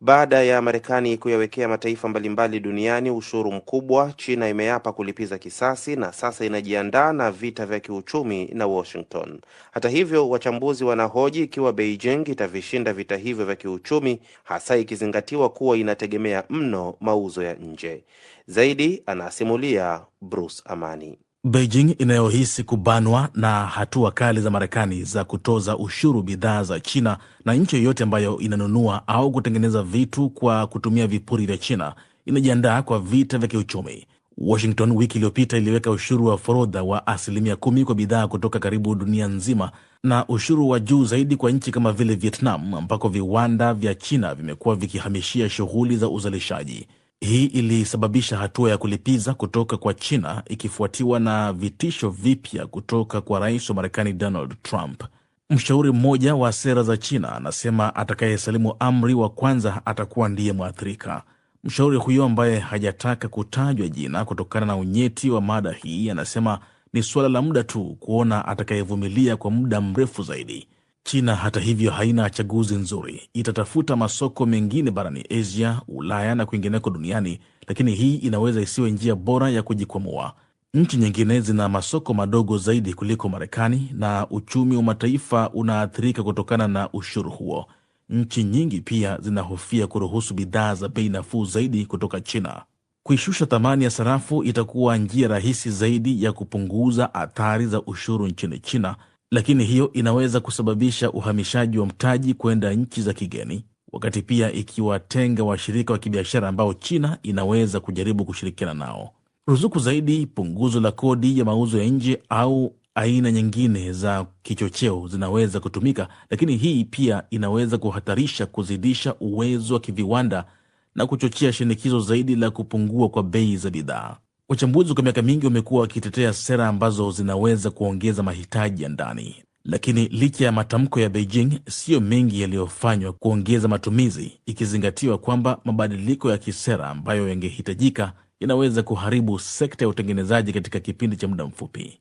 Baada ya Marekani kuyawekea mataifa mbalimbali duniani ushuru mkubwa, China imeapa kulipiza kisasi na sasa inajiandaa na vita vya kiuchumi na Washington. Hata hivyo, wachambuzi wanahoji ikiwa Beijing itavishinda vita hivyo vya kiuchumi, hasa ikizingatiwa kuwa inategemea mno mauzo ya nje. Zaidi anasimulia Bruce Amani. Beijing inayohisi kubanwa na hatua kali za Marekani za kutoza ushuru bidhaa za China na nchi yoyote ambayo inanunua au kutengeneza vitu kwa kutumia vipuri vya China inajiandaa kwa vita vya kiuchumi. Washington wiki iliyopita iliweka ushuru wa forodha wa asilimia kumi kwa bidhaa kutoka karibu dunia nzima na ushuru wa juu zaidi kwa nchi kama vile Vietnam ambako viwanda vya China vimekuwa vikihamishia shughuli za uzalishaji. Hii ilisababisha hatua ya kulipiza kutoka kwa China ikifuatiwa na vitisho vipya kutoka kwa rais wa Marekani Donald Trump. Mshauri mmoja wa sera za China anasema atakayesalimu amri wa kwanza atakuwa ndiye mwathirika. Mshauri huyo ambaye hajataka kutajwa jina kutokana na unyeti wa mada hii anasema ni suala la muda tu kuona atakayevumilia kwa muda mrefu zaidi. China hata hivyo haina chaguzi nzuri, itatafuta masoko mengine barani Asia, Ulaya na kwingineko duniani, lakini hii inaweza isiwe njia bora ya kujikwamua. Nchi nyingine zina masoko madogo zaidi kuliko Marekani na uchumi wa mataifa unaathirika kutokana na ushuru huo. Nchi nyingi pia zinahofia kuruhusu bidhaa za bei nafuu zaidi kutoka China. Kuishusha thamani ya sarafu itakuwa njia rahisi zaidi ya kupunguza athari za ushuru nchini China, lakini hiyo inaweza kusababisha uhamishaji wa mtaji kwenda nchi za kigeni, wakati pia ikiwatenga washirika wa kibiashara ambao China inaweza kujaribu kushirikiana nao. Ruzuku zaidi, punguzo la kodi ya mauzo ya nje au aina nyingine za kichocheo zinaweza kutumika, lakini hii pia inaweza kuhatarisha kuzidisha uwezo wa kiviwanda na kuchochea shinikizo zaidi la kupungua kwa bei za bidhaa. Wachambuzi kwa miaka mingi wamekuwa wakitetea sera ambazo zinaweza kuongeza mahitaji ya ndani, lakini licha ya matamko ya Beijing, siyo mengi yaliyofanywa kuongeza matumizi, ikizingatiwa kwamba mabadiliko ya kisera ambayo yangehitajika yanaweza kuharibu sekta ya utengenezaji katika kipindi cha muda mfupi.